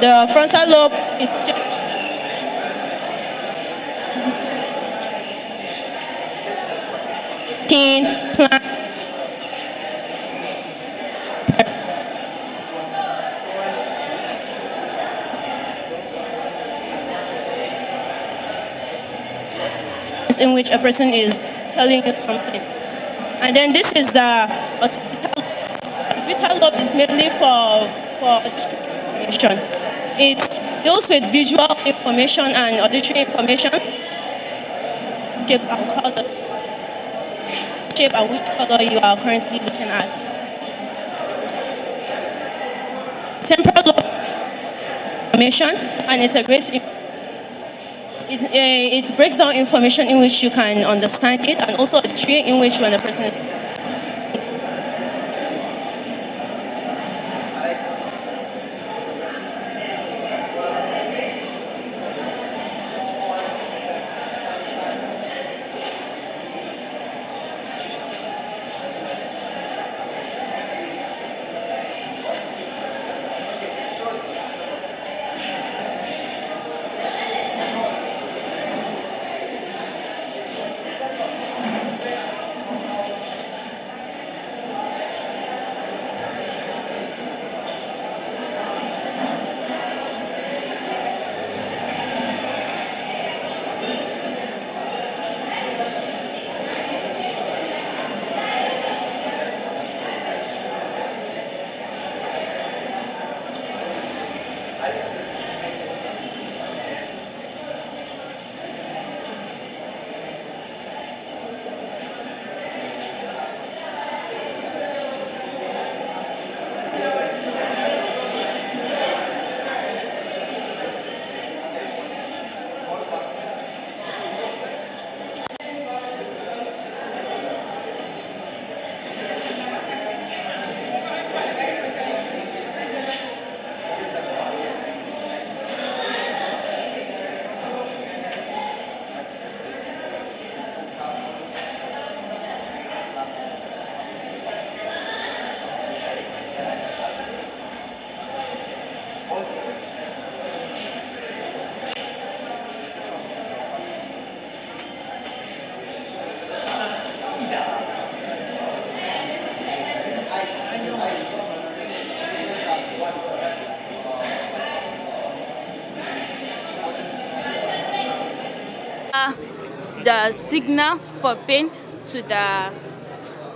the frontal lobe is in which a person is telling you something. And then this is the hospital, hospital lobe is mainly for, for information it deals with visual information and auditory information. Shape and color. Shape and which color you are currently looking at. Temporal information and integrates it, it, uh, it breaks down information in which you can understand it and also a tree in which when a person the signal for pain to the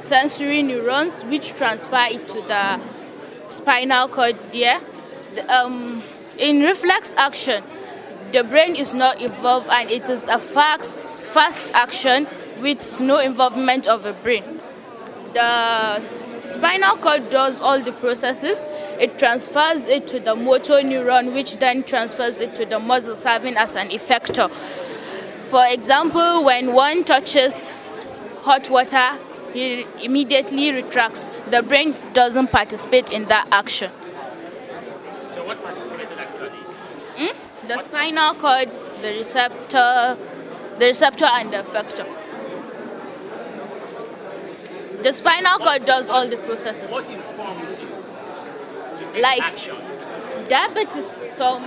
sensory neurons, which transfer it to the spinal cord there. The, um, in reflex action, the brain is not involved and it is a fast, fast action with no involvement of the brain. The spinal cord does all the processes. It transfers it to the motor neuron, which then transfers it to the muscle, serving as an effector. For example, when one touches hot water, he immediately retracts. The brain doesn't participate in that action. So what participated actually? Hmm? The what? spinal cord, the receptor, the receptor and the effector. The spinal cord what, does all the processes. What you? Like action? diabetes, some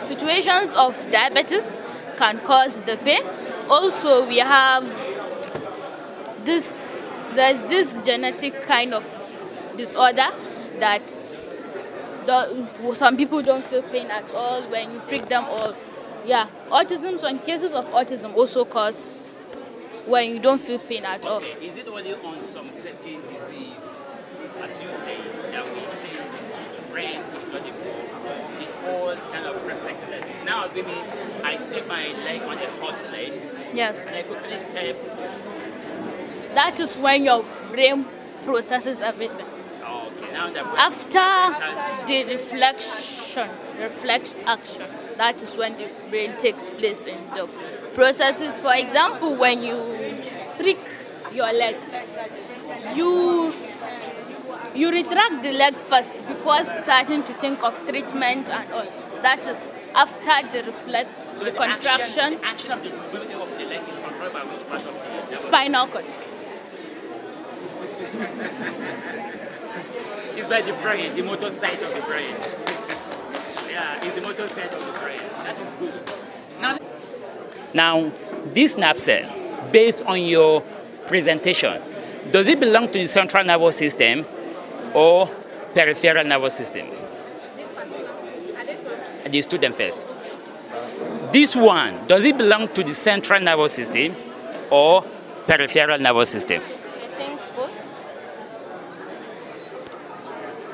situations of diabetes, can cause the pain also we have this there's this genetic kind of disorder that some people don't feel pain at all when you prick them or yeah autism some cases of autism also cause when you don't feel pain at okay. all is it only on some certain disease as you say that we say the brain is not evolved whole kind of like this. Now assuming I step my leg on a hot plate. Yes. And I quickly step. That is when your brain processes everything. Oh, okay. Now that After the reflection, reflect action, that is when the brain takes place in the processes. For example, when you prick your leg, you you retract the leg first before starting to think of treatment and all. That is after the reflex, so the, contraction. Action, the action of the movement of the leg is controlled by which part of the leg? Spinal cord. it's by the brain, the motor side of the brain. yeah, it's the motor side of the brain. That is good. Now, now this nerve cell, based on your presentation, does it belong to the central nervous system or peripheral nervous system. These two them first. This one, does it belong to the central nervous system or peripheral nervous system? I think both.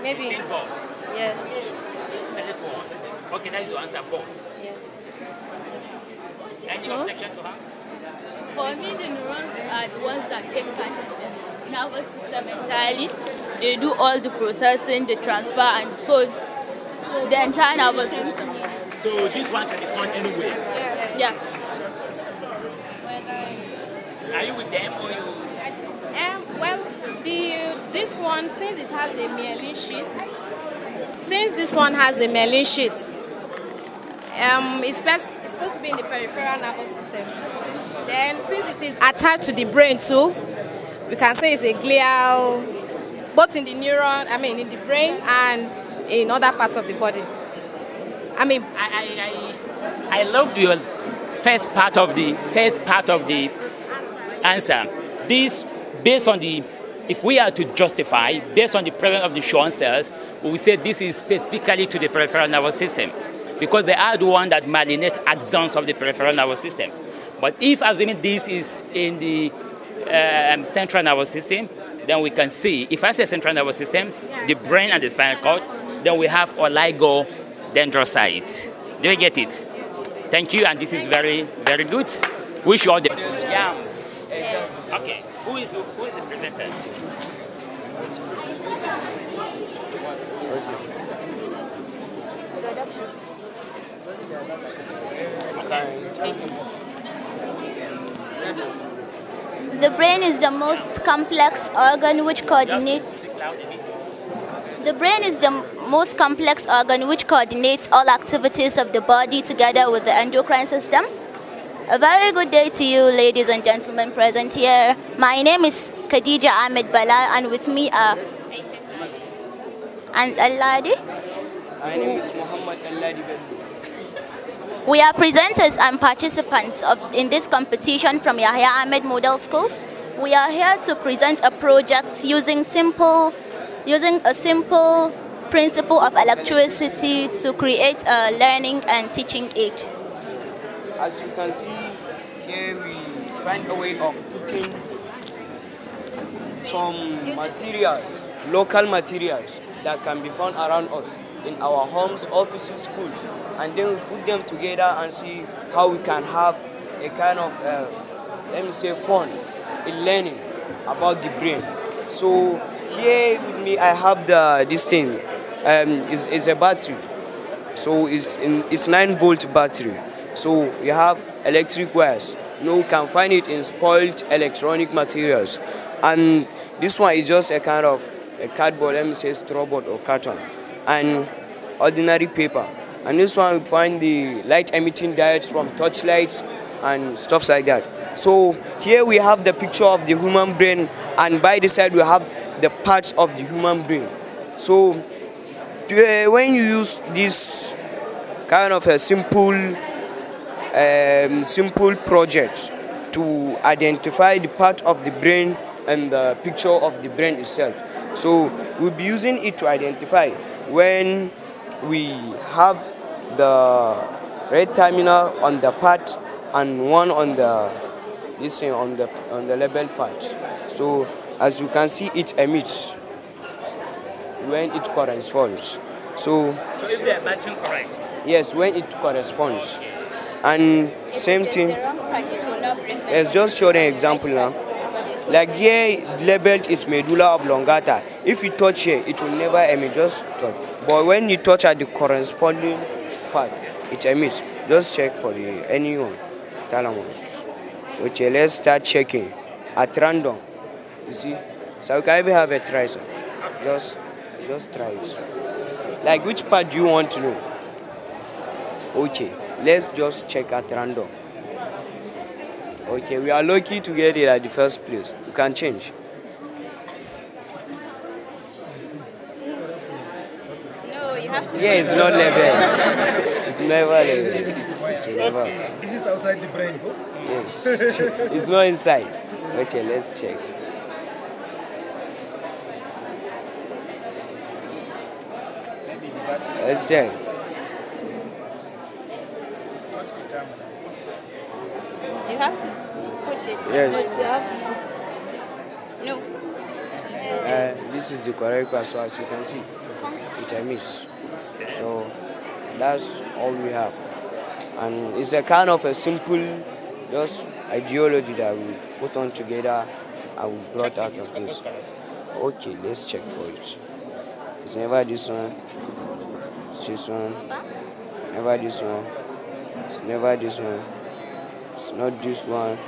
Maybe. Think both. Yes. Okay, that is your answer, both. Yes. Any so? objection to her? For me, the neurons are the ones that take part in the nervous system entirely. They do all the processing, the transfer, and so the entire nervous system. So this one can be found anywhere? Yes. Are you with them or you? Um, well, the, this one, since it has a mailing sheet, since this one has a mailing sheet, um, it's, best, it's supposed to be in the peripheral nervous system. Then, since it is attached to the brain too, we can say it's a glial both in the neuron, I mean, in the brain and in other parts of the body. I mean, I, I, I, I loved your first part of the first part of the answer. This based on the if we are to justify based on the presence of the Schwann cells, we say this is specifically to the peripheral nervous system because they are the one that malinate axons of the peripheral nervous system. But if assuming this is in the um, central nervous system, then we can see, if I say central nervous system, the brain and the spinal cord, then we have dendrocyte. Do you get it? Thank you, and this is very, very good. Wish you all the best. Yeah. Okay, who is, who is the presenter? Okay. The brain is the most complex organ which coordinates the brain is the most complex organ which coordinates all activities of the body together with the endocrine system. A very good day to you, ladies and gentlemen present here. My name is Khadija Ahmed Bala, and with me are and Aladi. My name is Muhammad Alladi we are presenters and participants of, in this competition from Yahya Ahmed Model Schools. We are here to present a project using simple, using a simple principle of electricity to create a learning and teaching aid. As you can see, here we find a way of putting some materials, local materials that can be found around us in our homes, offices, schools, and then we put them together and see how we can have a kind of, uh, let me say, fun in learning about the brain. So here with me, I have the this thing. Um, is is a battery. So it's in, it's nine volt battery. So you have electric wires. You know, can find it in spoiled electronic materials. And this one is just a kind of a cardboard, let me say, straw or carton, and ordinary paper. And this one, we find the light emitting diodes from torchlights and stuff like that. So here we have the picture of the human brain and by the side we have the parts of the human brain. So uh, when you use this kind of a simple, um, simple project to identify the part of the brain and the picture of the brain itself. So we'll be using it to identify when we have the red terminal on the part and one on the this thing on the on the label part. So as you can see, it emits when it corresponds. So, so if they are matching correct. Yes, when it corresponds. And if same thing. Let's just show an example now. Like here, labeled is medulla oblongata. If you touch here, it will never emit. Just touch. But when you touch at the corresponding part, it emits. Just check for the anyone thalamus. Okay, let's start checking at random. You see, so we can even have a try, sir. Just, just try it. Like which part do you want to know? Okay, let's just check at random. Okay, we are lucky to get it at the first place. You can change. No, you have to. Yeah, it's not level. it's never like that. Never. This is outside the brain, bro. Yes. it's not inside. Okay, let's check. Let's check. You have to put it. Yes. No. Uh, this is the correct password, as you can see. It I miss. So. That's all we have. And it's a kind of a simple, just ideology that we put on together and we brought out of this. Okay, let's check for it. It's never this one. It's this one. Never this one. It's never this one. It's not this one.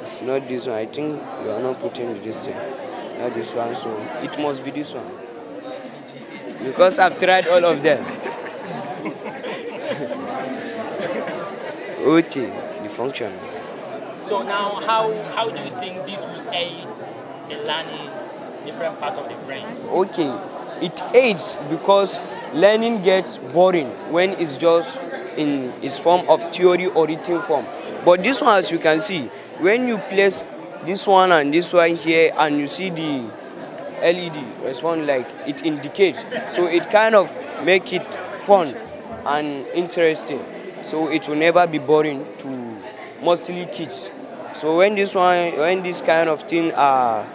It's not this one. I think you are not putting this thing. Not this one, so it must be this one. Because I've tried all of them. Uchi, the function. So now, how, how do you think this will aid the learning different part of the brain? Okay, it aids because learning gets boring when it's just in its form of theory or written form. But this one, as you can see, when you place this one and this one here and you see the LED respond like it indicates, so it kind of make it fun and interesting. So it will never be boring to mostly kids. So when this one, when this kind of thing are,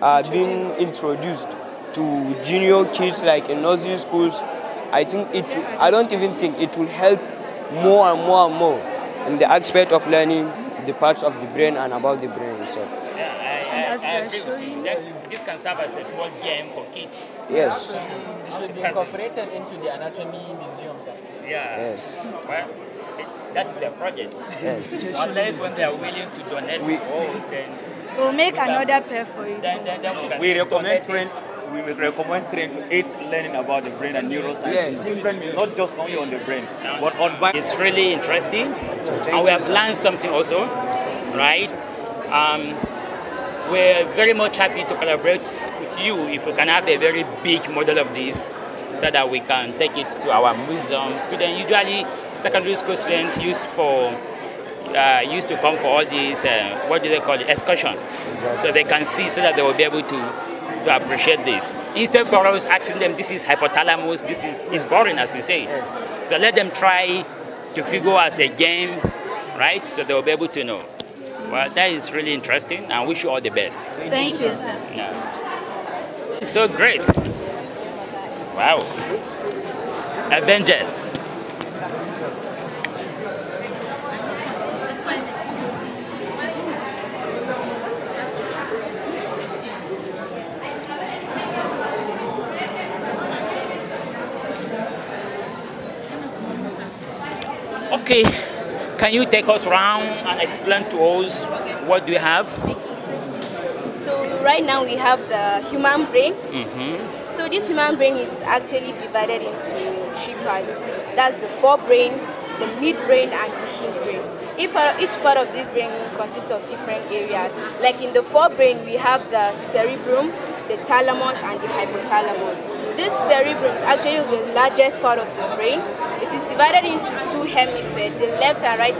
are being introduced to junior kids like in nursery schools, I think it, I don't even think it will help more and more and more in the aspect of learning the parts of the brain and about the brain itself. I, this can serve as a small game for kids. Yes. It should be incorporated into the anatomy museum. Sir. Yeah. Yes. Well, that's their project. Yes. Unless when they are willing to donate we, then we'll make we another pair for you. Then, then, then we, recommend print. We recommend train to eight learning about the brain and neuroscience. Yes. not just only on the brain, but on. It's really interesting, and we have learned something also, right? Um, we're very much happy to collaborate with you if we can have a very big model of this so that we can take it to our museum. Students, usually secondary school students used for uh, used to come for all these, uh, what do they call it, excursion. Exactly. So they can see so that they will be able to to appreciate this. Instead for us asking them, this is hypothalamus, this is, is boring as we say. Yes. So let them try to figure as a game, right? So they will be able to know. Well, that is really interesting I wish you all the best. Thank, Thank you, sir. Yeah. so great. Wow. Avenged. Okay, can you take us around and explain to us what do have? So right now we have the human brain. Mm -hmm so this human brain is actually divided into three parts. That's the forebrain, the midbrain, and the hindbrain. Each part, of this brain consists of different areas. Like in the forebrain, we have the cerebrum, the thalamus, and the hypothalamus this cerebrum is actually the largest part of the brain. It is divided into two hemispheres, the left and right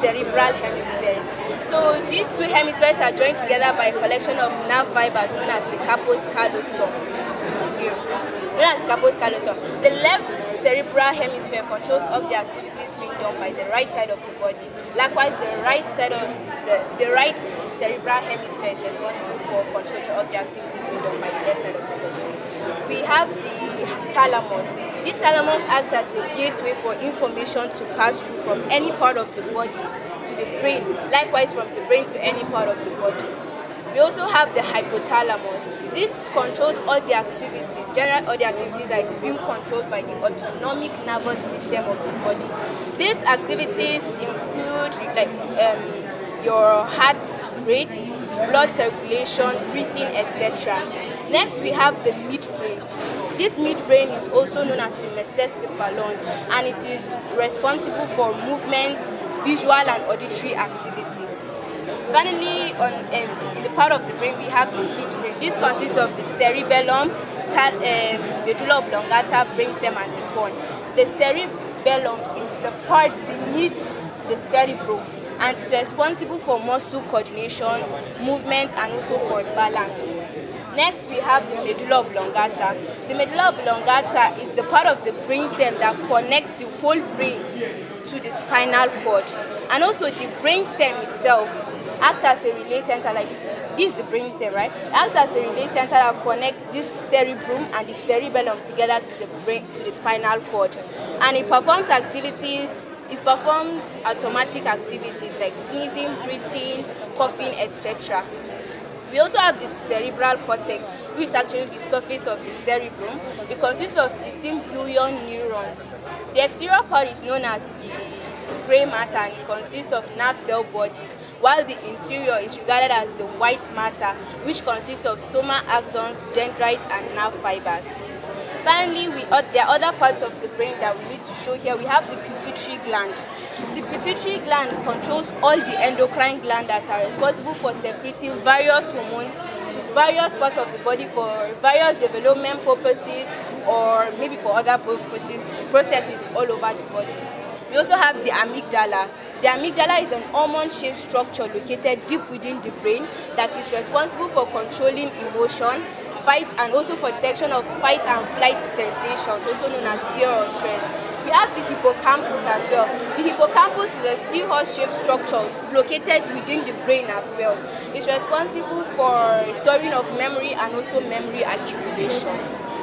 cerebral hemispheres. So these two hemispheres are joined together by a collection of nerve fibers known as the corpus callosum known as The left cerebral hemisphere controls all the activities being done by the right side of the body. Likewise, the right side of the, the right cerebral hemisphere is responsible for controlling all the activities being done by the left side of the body. We have the thalamus. This thalamus acts as a gateway for information to pass through from any part of the body to the brain, likewise from the brain to any part of the body. We also have the hypothalamus. This controls all the activities, general all the activities that is being controlled by the autonomic nervous system of the body. These activities include like um, your heart rate, blood circulation, breathing, etc. Next, we have the midbrain. This midbrain is also known as the mesencephalon, and it is responsible for movement, visual and auditory activities. Finally, on um, in the part of the brain, we have the heat brain. This consists of the cerebellum, the um, medulla oblongata, brainstem, and the corn. The cerebellum is the part beneath the cerebrum and is responsible for muscle coordination, movement, and also for balance. Next, we have the medulla oblongata. The medulla oblongata is the part of the brainstem that connects the whole brain to the spinal cord. And also the brainstem itself act as a relay center like this the brain there right act as a relay center that connects this cerebrum and the cerebellum together to the brain to the spinal cord and it performs activities it performs automatic activities like sneezing breathing coughing etc we also have the cerebral cortex which is actually the surface of the cerebrum it consists of 16 billion neurons the exterior part is known as the grey matter and it consists of nerve cell bodies, while the interior is regarded as the white matter, which consists of soma axons, dendrites, and nerve fibers. Finally, we, uh, there are other parts of the brain that we need to show here. We have the pituitary gland. The pituitary gland controls all the endocrine glands that are responsible for secreting various hormones to various parts of the body for various development purposes or maybe for other purposes, processes all over the body. We also have the amygdala. The amygdala is an almond shaped structure located deep within the brain that is responsible for controlling emotion, fight and also for detection of fight and flight sensations, also known as fear or stress. We have the hippocampus as well. The hippocampus is a seahorse-shaped structure located within the brain as well. It's responsible for storing of memory and also memory accumulation.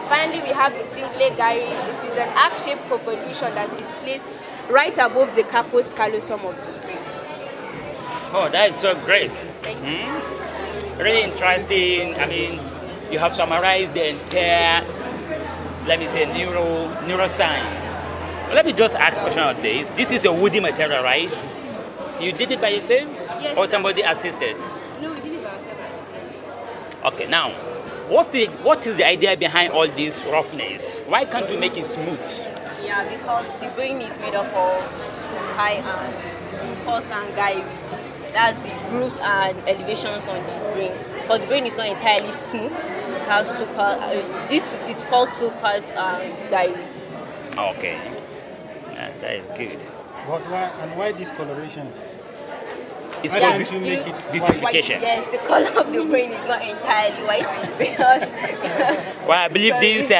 Finally, we have the cingulate gyrus. It is an arc-shaped convolution that is placed right above the Capus callosum of the brain. Oh, that is so great. Thank you. Hmm? Really interesting. I mean, you have summarized the entire, let me say, neuro neuroscience. let me just ask question of this. This is a woody material, right? Yes. You did it by yourself? Yes. Or somebody assisted? No, we did it by ourselves. Okay, now, what's the, what is the idea behind all this roughness? Why can't you make it smooth? Yeah, because the brain is made up of high and sulcus and gyri. That's the grooves and elevations on the brain. Because brain is not entirely smooth. It has super. It's, this it's called super and gyri. Okay, yeah, that is good. What, why, and why these colorations? It's Why do you make it beautification? Yes, the color of the brain is not entirely white because. because well, I believe sorry. this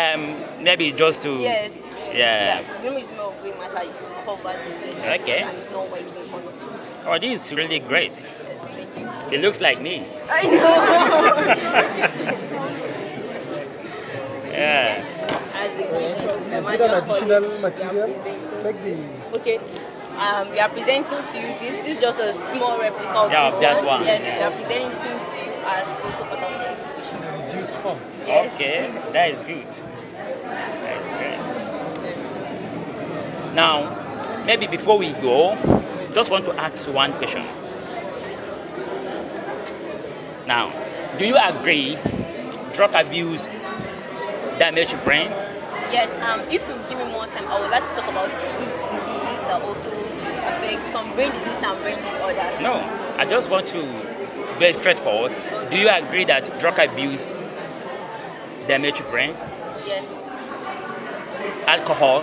um, maybe just to. Yes. Yeah. yeah. The room green matter, it's covered with it. Okay. And it's not white in color. Oh, this is really great. Yes, It looks like me. I know. yeah. As it goes is it an additional material? Take the. Okay. Um, we are presenting to you this. This is just a small replica of yeah, this that one. one. Yes, yeah. we are presenting to you as also part of the exhibition. In reduced form. Yes. Okay, that is good. Now, maybe before we go, just want to ask one question. Now, do you agree drug abuse damage brain? Yes, um, if you give me more time, I would like to talk about these diseases that also affect some brain diseases and brain disorders. No, I just want to be straightforward. Do you agree that drug abuse damage brain? Yes. Alcohol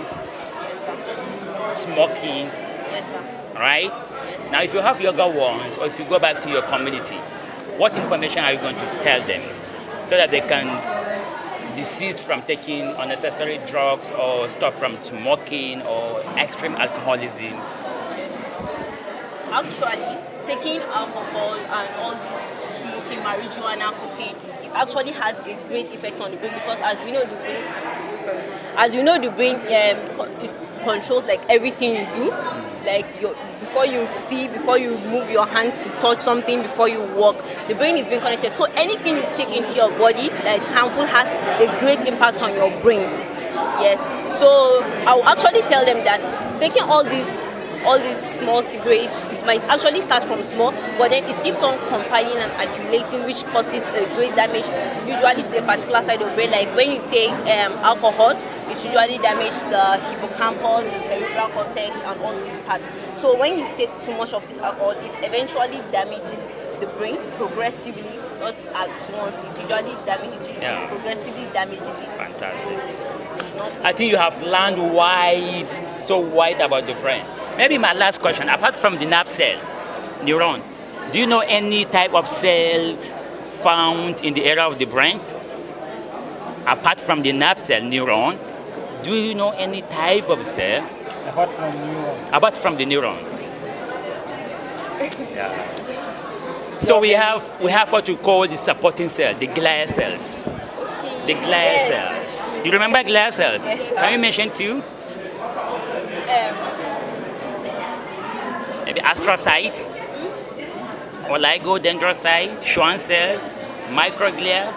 smoking. Yes, sir. Right? Yes. Now, if you have younger ones, or if you go back to your community, what information are you going to tell them so that they can desist from taking unnecessary drugs or stop from smoking or extreme alcoholism? Actually, taking alcohol and all this smoking, marijuana, cocaine actually has a great effect on the brain because as we know the brain sorry as we know the brain um, is controls like everything you do like your before you see before you move your hand to touch something before you walk the brain is being connected so anything you take into your body that is harmful has a great impact on your brain yes so i will actually tell them that taking all these all these small cigarettes, it might actually start from small, but then it keeps on compiling and accumulating, which causes a great damage, usually it's a particular side of the brain. Like when you take um, alcohol, it usually damages the hippocampus, the cerebral cortex, and all these parts. So when you take too much of this alcohol, it eventually damages the brain progressively, not at once. It's usually damages, it yeah. progressively damages it. Fantastic. So, I think you have learned wide, so wide about the brain. Maybe my last question, apart from the nerve cell, neuron, do you know any type of cells found in the area of the brain? Apart from the nerve cell, neuron, do you know any type of cell? Apart from neuron. Apart from the neuron. yeah. So we have we have what we call the supporting cell, the glial cells. Okay. The glial yes. cells. You remember glial cells? Yes, Can you mention two? the astrocyte, oligodendrocyte, Schwann cells, microglia.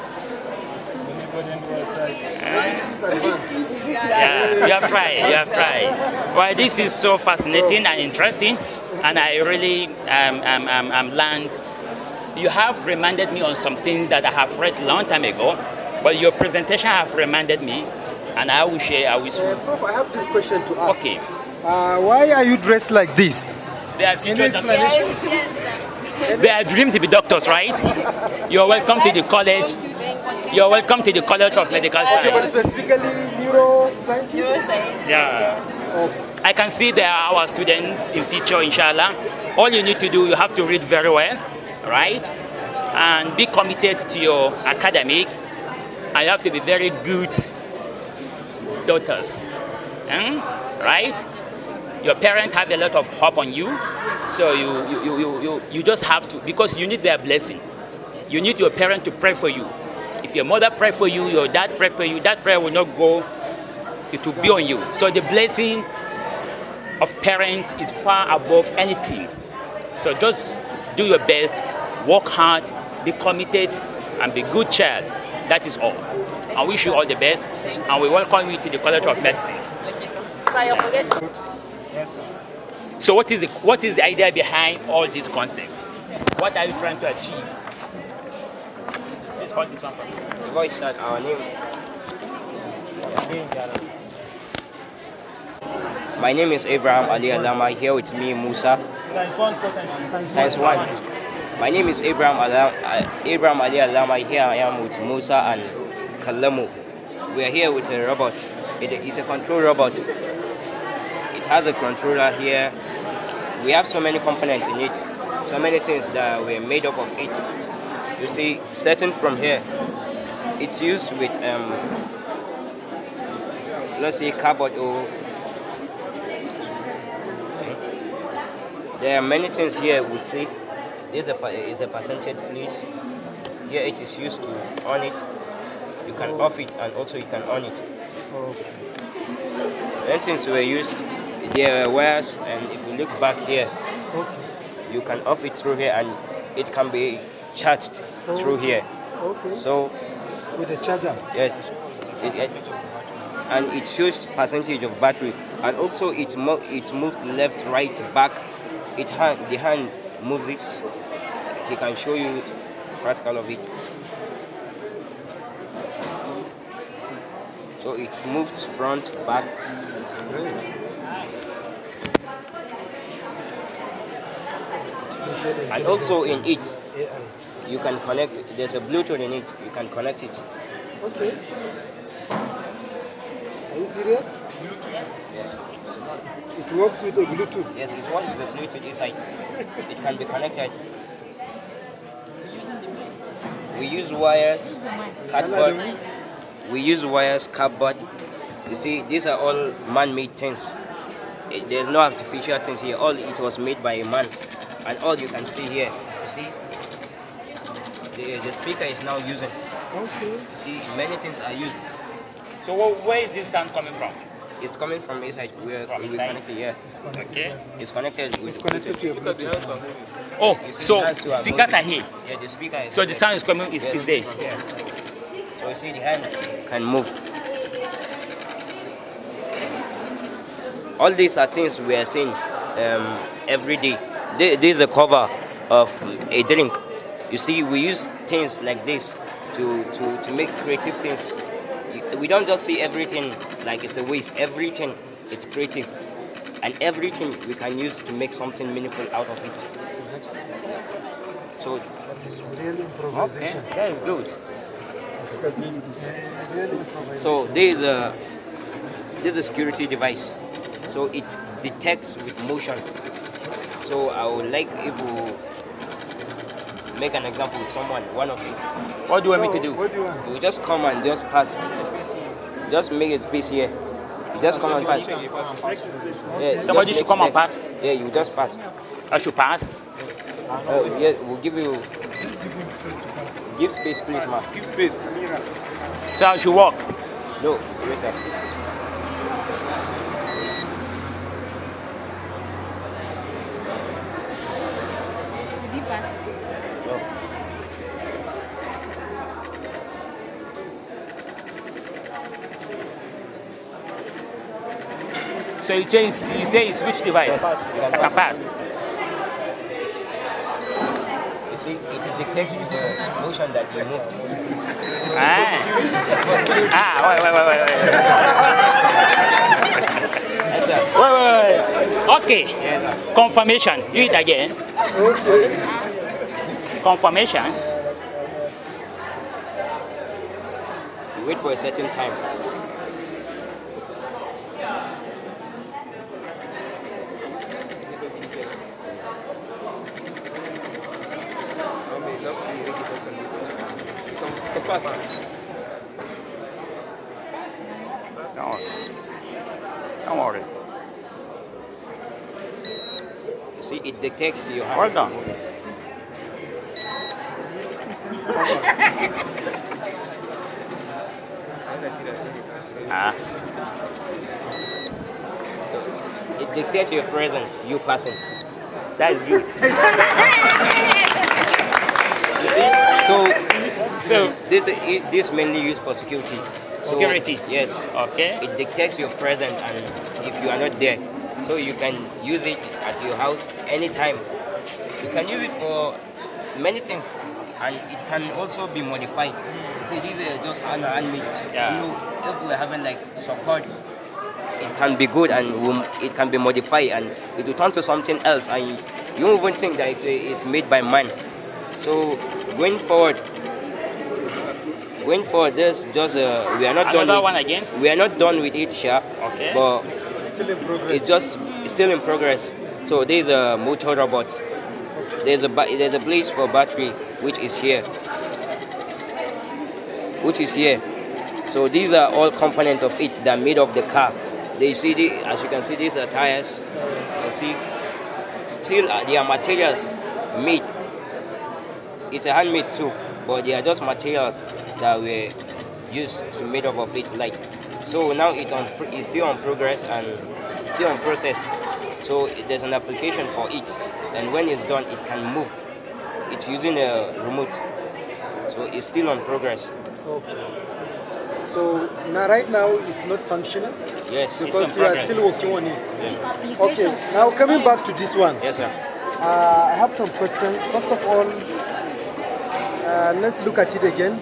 yeah, you have tried, you have tried. Well, this is so fascinating and interesting, and I really um, um, um, um, learned. You have reminded me on some things that I have read long time ago, but your presentation have reminded me, and I will share. I will. Uh, Prof, I have this question to ask. Okay. Uh, why are you dressed like this? They are future doctors. They are dream to be doctors, right? You're welcome to the college. You're welcome to the College of Medical Science. specifically neuroscientists? Yeah. I can see there are our students in future, inshallah. All you need to do, you have to read very well, right? And be committed to your academic. And you have to be very good daughters, hmm? right? Your parents have a lot of hope on you, so you, you, you, you, you just have to, because you need their blessing. You need your parent to pray for you. If your mother pray for you, your dad pray for you, that prayer will not go, it will be on you. So the blessing of parents is far above anything. So just do your best, work hard, be committed, and be good child. That is all. I wish you all the best, and we welcome you to the College of Medicine. Yes, sir. So what is, the, what is the idea behind all these concepts? What are you trying to achieve? hold this one for me. The voice our name. My name is Abraham Ali Alama. Here with me, Musa. Science one, Science one. My name is Abraham Alama. Uh, Abraham Ali Alama. Here I am with Musa and Kalamu. We are here with a robot. It is a control robot has a controller here. We have so many components in it, so many things that were made up of it. You see, starting from here, it's used with, um, let's say, cardboard or There are many things here we see. This is a, percentage please. Here it is used to on it. You can off it and also you can on it. Many things were used there were wires, and if you look back here, okay. you can off it through here, and it can be charged oh, through here. Okay. So with the charger. Yes. It, it, and it shows percentage of battery, and also it mo it moves left, right, back. It hand the hand moves it. He can show you practical of it. So it moves front, back, And also in it, you can connect, there's a Bluetooth in it, you can connect it. Okay. Are you serious? Bluetooth? Yeah. It works with a Bluetooth? Yes, it works with a Bluetooth inside. it can be connected. We use wires, cardboard. We use wires, cardboard. You see, these are all man-made things. there's no artificial things here. All it was made by a man and all you can see here. You see, the, the speaker is now using. Okay. You see, many things are used. So what, where is this sound coming from? It's coming from inside. We are from inside. connected here. It's connected. Okay. It's connected. It's connected to your Bluetooth. Oh, so speakers are here. Yeah, the speaker is. So there. the sound is coming. Is, yes, is there? So you see, the hand can move. All these are things we are seeing um, every day there's a cover of a drink. You see, we use things like this to, to, to make creative things. We don't just see everything like it's a waste. Everything, it's creative. And everything we can use to make something meaningful out of it. Exactly. So, that is really improvisation. Okay, that is good. So is a there is a security device. So it detects with motion so I would like if we make an example with someone, one of you. What do you want no, me to do? What do you want? You just come and just pass. Just make it space here. You just come and pass. Yeah, Somebody should come and pass. Yeah, you just pass. I should pass. Uh, yeah, we'll give you. Give space, please, ma. Give space. So I should walk. No, it's race. So you change, you say it's which device? A pass. You see, it detects the motion that you move. Ah, ah wait, wait, wait, wait. wait, wait, wait. Okay, confirmation. Do it again. Confirmation. You wait for a certain time. Don't worry. Don't worry. You see, it detects you. Well done. ah. So it detects your present, you person. That is good. you see? So so this this mainly used for security. So, security. Yes. Okay. It detects your presence and if you are not there, so you can use it at your house anytime. You can use it for many things, and it can also be modified. You see, these are just handmade. Yeah. You know, if we're having like support, it can be good and it can be modified, and it will turn to something else, and you won't even think that it's made by man. So going forward, going for this, just uh, we are not Another done. With, one again. We are not done with it, sure. Okay. But it's still in progress. It's just it's still in progress. So there's a motor robot. There's a there's a place for battery which is here, which is here. So these are all components of it that made of the car. They see the, as you can see these are tires. You see, still uh, they are materials made. It's a handmade too but they are just materials that were used to make up of it. Like so now it's on it's still on progress and still on process. So there's an application for it, and when it's done, it can move. It's using a remote, so it's still on progress. Okay. So now, right now, it's not functional. Yes, because you progress. are still working on it. Yeah. Okay. Now coming back to this one. Yes, sir. Uh, I have some questions. First of all, uh, let's look at it again.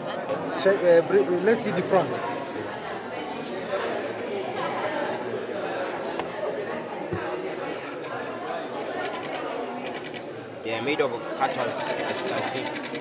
Check, uh, let's see the front. They are made up of cutters, as you can see.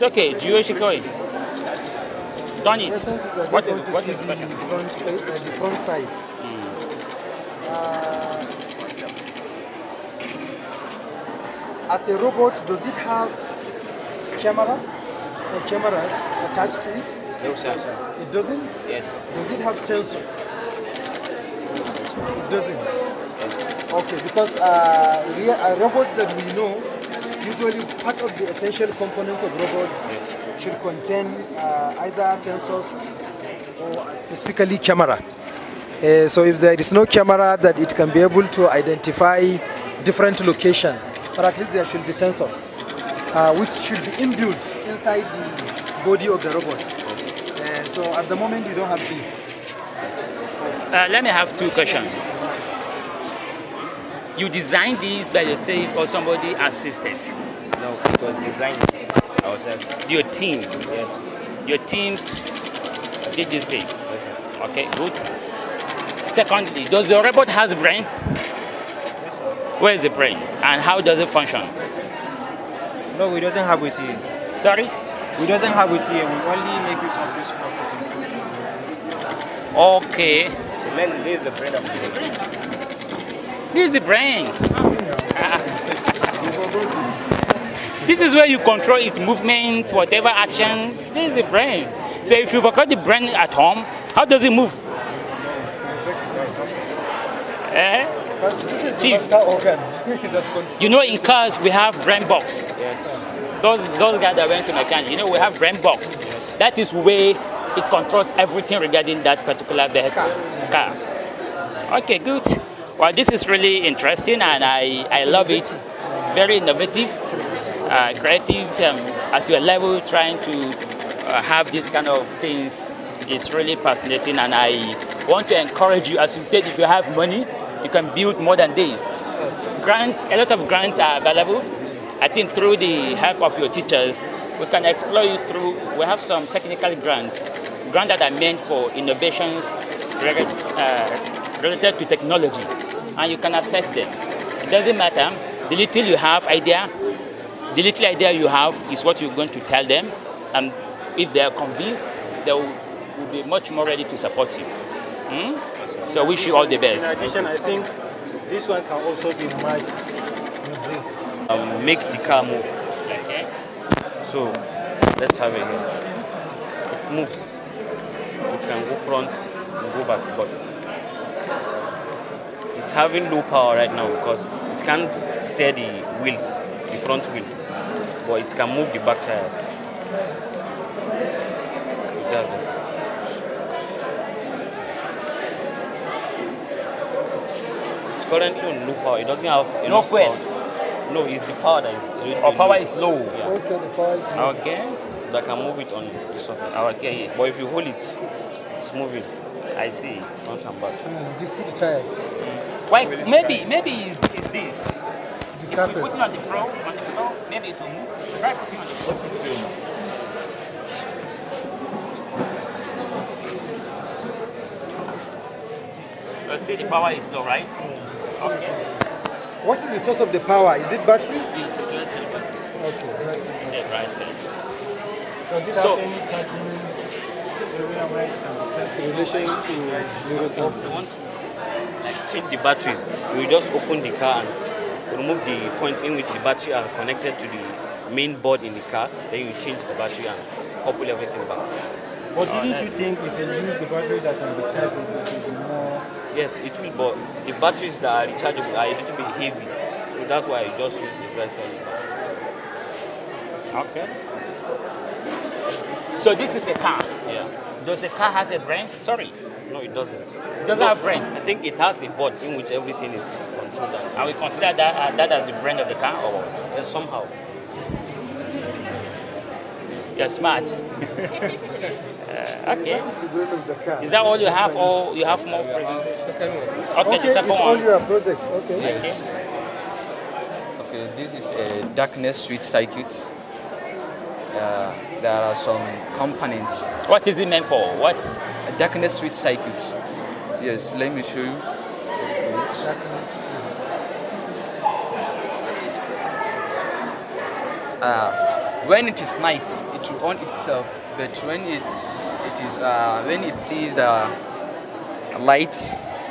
It's okay, Jewish coin. Done it. What is, what is The front, uh, the front side. Uh, as a robot, does it have camera or cameras attached to it? No, sir. It doesn't? Yes. Does it have sensor? It doesn't. Okay, because uh, a robot that we know usually part of the essential components of robots should contain uh, either sensors or specifically camera. Uh, so if there is no camera that it can be able to identify different locations, but at least there should be sensors, uh, which should be inbuilt inside the body of the robot. Uh, so at the moment you don't have these. Uh, let me have two questions you design this by yourself or somebody assisted. No, it was designed ourselves. Your team? Yes. Your team did this thing? Yes, sir. Okay, good. Secondly, does your robot has brain? Yes, sir. Where is the brain? And how does it function? No, we doesn't have it here. Sorry? We doesn't have it here. We only make use of this Okay. So then this is the brain of the brain. This is the brain. Ah. This is where you control its movement, whatever actions. This is the brain. So if you forgot the brain at home, how does it move? Eh? Chief, you know in cars we have brain box. Yes. Those those guys that went to mechanic, you know we have brain box. Yes. That is where it controls everything regarding that particular vehicle car. Okay, good. Well, this is really interesting and I, I love it. Very innovative uh, creative um, at your level trying to uh, have these kind of things is really fascinating and I want to encourage you as you said if you have money you can build more than this. Grants, a lot of grants are available. I think through the help of your teachers we can explore you through, we have some technical grants, grants that are meant for innovations uh, related to technology and you can assess them. It doesn't matter, the little you have idea the little idea you have is what you're going to tell them, and if they are convinced, they will, will be much more ready to support you. Mm? So wish you all the best. In addition, I think this one can also be nice with this. Um, make the car move. Okay. So let's have it here. It moves. It can go front and go back, but it's having low power right now because it can't steer the wheels the front wheels, but it can move the back tires. It does this. It's currently on low power. It doesn't have enough no fuel. Power. No, it's the power that is. Really Our oh, power low. is low. Yeah. Okay, the power is low. Okay. That can move it on the surface. Ah, okay, yeah. But if you hold it, it's moving. I see. Front and back. Mm, you see the tires. Why? Maybe, maybe it's, it's this surface. If we put it on the floor, on the maybe it will move. Try putting on the But still the power is low, right? Okay. What is the source of the power? Is it battery? It's a dry cell battery. Okay, dry cell. It's a dry cell. Does it so, have any charging area where it can test in relation to We want to like, the batteries. You just open the car and remove the point in which the battery are connected to the main board in the car, then you change the battery and couple everything back. But uh, didn't you think if you use the battery that can be charged, it will be more? Yes, it will, but the batteries that are rechargeable are a little bit heavy, so that's why I just use the dry cell battery. Okay. So this is a car. Yeah. Does the car has a brain? Sorry. No, it doesn't. It doesn't no, have brain. I think it has a board in which everything is controlled. And, we consider that uh, that as the brain of the car or what? Yes, somehow. You're smart. uh, okay. Is, is that all you have, or you have more Second one. Okay, okay second it's one. all your projects. Okay. Yes. Okay. okay, this is a darkness switch circuit. Uh, there are some components. What is it meant for? What? Darkness Street circuits. Yes, let me show you. Yes. Uh, ah, when it is night, it will on itself. But when it's it is uh, when it sees the light,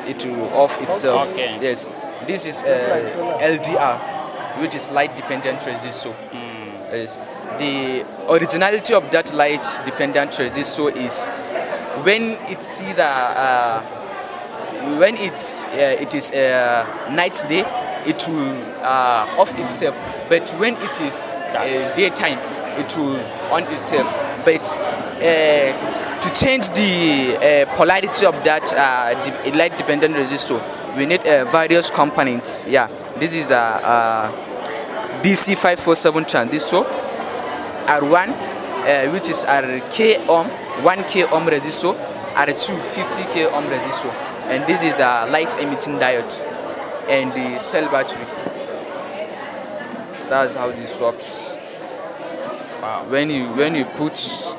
it will off itself. Okay. Yes, this is uh, LDR, which is light dependent resistor. Mm. Yes. The originality of that light dependent resistor is when it's either uh, when it's uh, it is a uh, night day, it will uh, off itself. But when it is uh, daytime, it will on itself. But uh, to change the polarity of that light-dependent resistor, we need various components. Yeah, this is the BC547 transistor, R1, which is R K ohm 1k ohm resistor and 2 50k ohm resistor and this is the light emitting diode and the cell battery that's how this works wow. when you when you put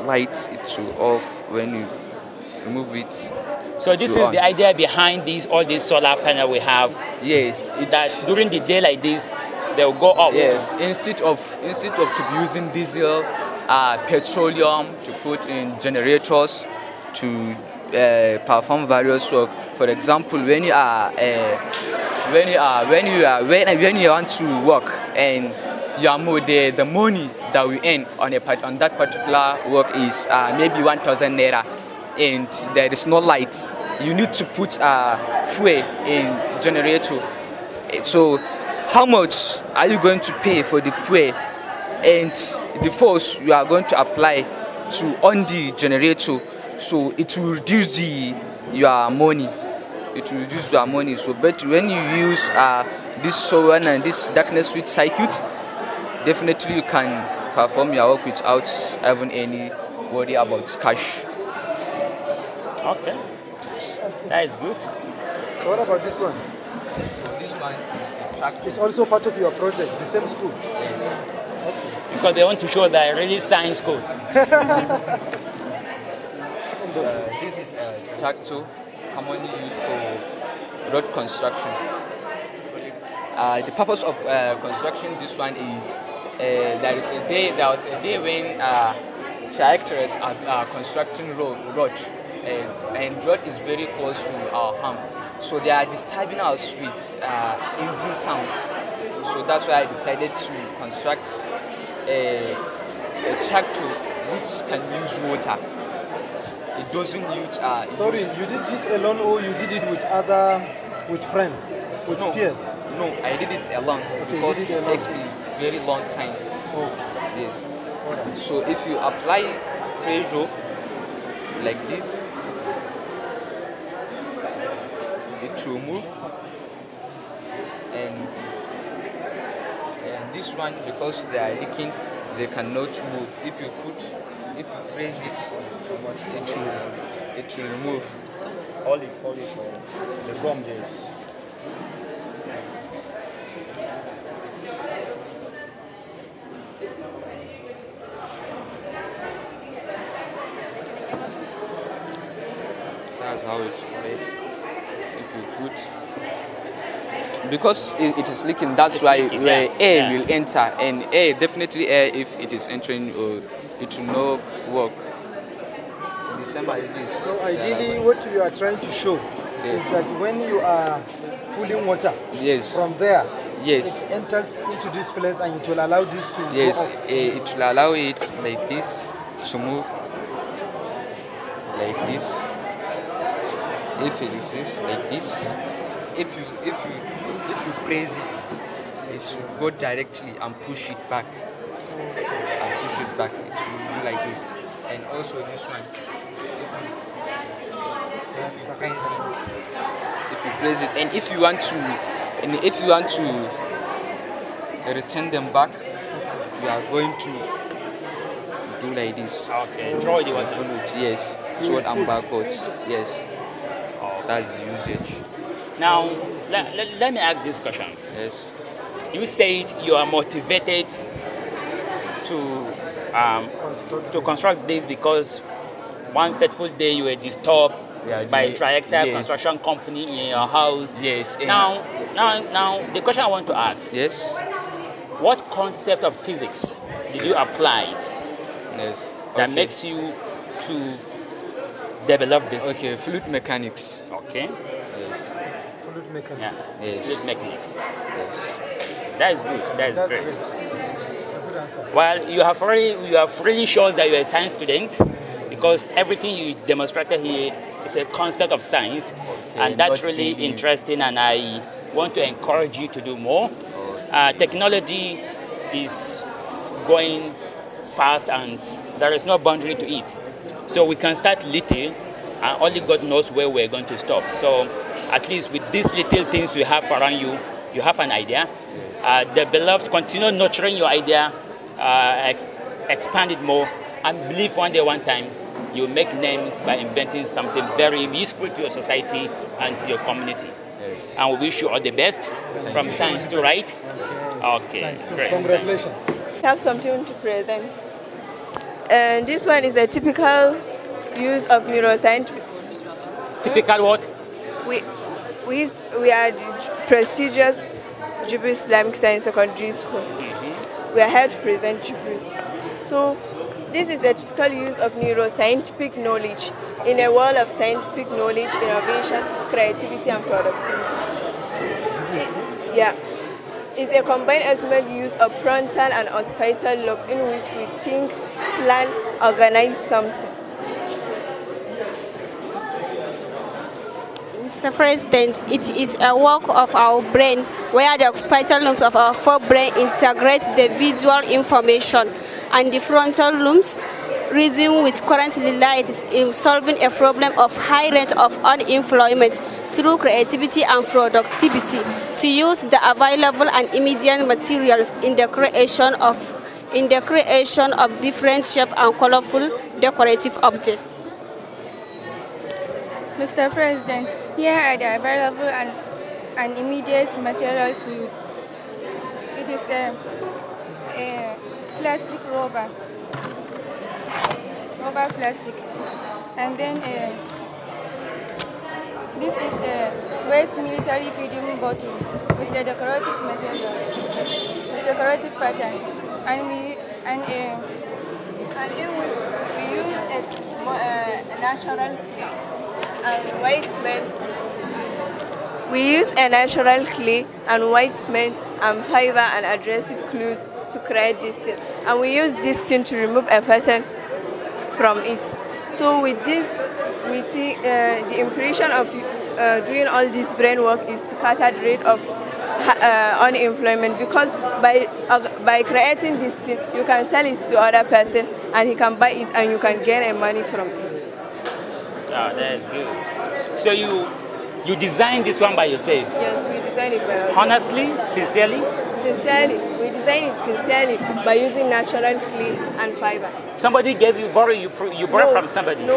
lights it will off when you remove it so this is on. the idea behind these all these solar panel we have yes that during the day like this they'll go off yes instead of instead of using diesel uh, petroleum to put in generators to uh, perform various work. For example, when you are uh, when you are when you are when, when you want to work and you are more the, the money that we earn on a part on that particular work is uh, maybe 1,000 naira, and there is no light. You need to put uh, fuel in generator. So, how much are you going to pay for the fuel? And the force you are going to apply to on the generator so it will reduce the your money it will reduce your money so but when you use uh, this solar and this darkness switch circuit definitely you can perform your work without having any worry about cash okay that is good so what about this one so this one is it's also part of your project the same school yes because they want to show that I really science school. uh, this is a tractor commonly used for road construction. Uh, the purpose of uh, construction this one is uh, there is a day there was a day when uh, tractors are constructing road, road uh, and road is very close to our home so they are disturbing us with engine sounds so that's why I decided to construct a, a tractor which can use water. It doesn't use. Uh, Sorry, use you did this alone or you did it with other, with friends, with no, peers? No, I did it alone okay, because it, alone. takes me very long time. Oh. Yes. So if you apply pressure like this, it will move and this one because they are leaking they cannot move if you put if you press it it will it will move All it all it the gum is because it, it is leaking, that's it's why leaking, where yeah. air yeah. will enter, and air definitely air if it is entering, uh, it will not work. December is this. So uh, ideally, what you are trying to show yes. is that when you are pulling water, yes, from there. Yes. It enters into this place and it will allow this to Yes, eh, it will allow it like this to move like this if it is like this if you if you praise it, it should go directly and push it back. And push it back. It will be like this. And also this one. If you praise it, if you it, and if you want to, and if you want to return them back, you are going to do like this. Okay, draw the water. Yes, sword and backwards. Yes, oh. that's the usage. Now, let, let, let me ask this question. Yes. You said you are motivated to um, construct to construct this because one fateful day you were disturbed yeah, by a tractor yes. construction company in your house. Yes. Now, now, now, the question I want to ask. Yes. What concept of physics did you apply? Yes. Okay. That makes you to develop this. Okay, fluid mechanics. Okay mechanics. yes. split mechanics. Yes. That is good. That is That's great. Well, you have already you have really shown that you're a science student because everything you demonstrated here is a concept of science, okay, and that's really CD. interesting. And I want to encourage you to do more. Okay. Uh, technology is going fast, and there is no boundary to it. So we can start little, and only God knows where we're going to stop. So at least with these little things you have around you, you have an idea. Uh, the beloved, continue nurturing your idea, uh, ex expand it more, and believe one day, one time, you make names by inventing something very useful to your society and to your community. Yes. And we wish you all the best Thank from you. science to right. Okay, great. Congratulations. I have something to present. And this one is a typical use of neuroscience. Typical what? We, we, we are the prestigious Jibril Islamic Science Secondary School. Mm-hmm. We are here to present Jibril. So this is a typical use of neuroscientific knowledge in a world of scientific knowledge, innovation, creativity and productivity. It, yeah. It's a combined ultimate use of frontal and occipital lobe in which we think, plan, organize something. Mr. President, it is a work of our brain where the occipital lobes of our forebrain integrate the visual information and the frontal lobes reason with current light in solving a problem of high rate of unemployment through creativity and productivity to use the available and immediate materials in the creation of in the creation of different shapes and colorful decorative objects. Mr. President, here are the available and, and immediate materials used. It is a, um, a plastic rubber, rubber plastic, and then a, um, this is the waste military feeding bottle with the decorative material, decorative pattern, and we and a, um, and in which we use a, uh, a natural tree and white cement. We use a natural clay and white cement and fiber and adhesive glues to create this thing. And we use this thing to remove a pattern from it. So with this, we see uh, the impression of uh, doing all this brain work is to cut the rate of uh, unemployment because by uh, by creating this thing, you can sell it to other person and he can buy it and you can gain money from it that's good. So you you designed this one by yourself? Yes, we designed it by ourselves. Honestly, sincerely? Sincerely. We designed it sincerely by using natural clay and fiber. Somebody gave you borrow you you borrow no, from somebody. No,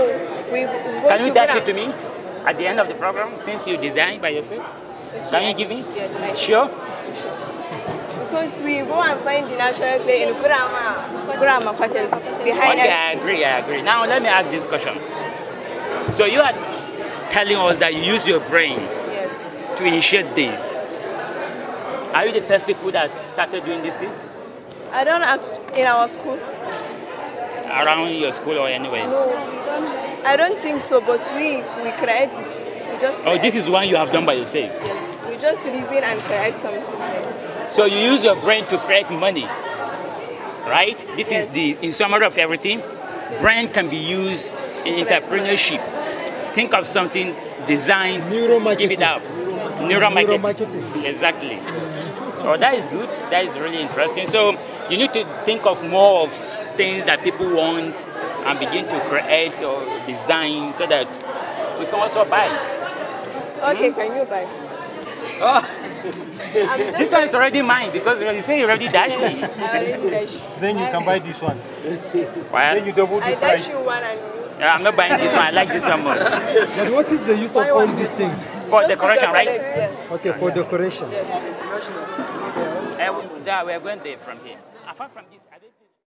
we. Can you dash it to me at the end of the program since you designed by yourself? Okay. Can you give me? Yes, I sure. Sure because we go and find the natural clay in Kurama, Kurama cottages behind okay, us. I agree, I agree. Now let me ask this question. So you are telling us that you use your brain yes. to initiate this. Are you the first people that started doing this thing? I don't know in our school. Around your school or anywhere? No, we don't. I don't think so, but we we create it. We just. Create. Oh, this is one you have done by yourself. Yes, we just reason and create something. So you use your brain to create money, right? This yes. is the in summary of everything. Yes. Brain can be used in entrepreneurship think of something designed, give it up. Neuromarketing. Neuromarketing. Exactly. Oh, that is good. That is really interesting. So you need to think of more of things that people want and begin to create or design so that we can also buy. Okay, hmm? can you buy? Oh. this one is already mine because you say you already dashed me. already dashed. Then you can buy this one. Well, then you double the I price. I dash you one and yeah, I'm not buying this one. I like this one more. But what is the use of all these things? For decoration, right? Okay, for decoration. yeah, we are going there from here. Apart from this.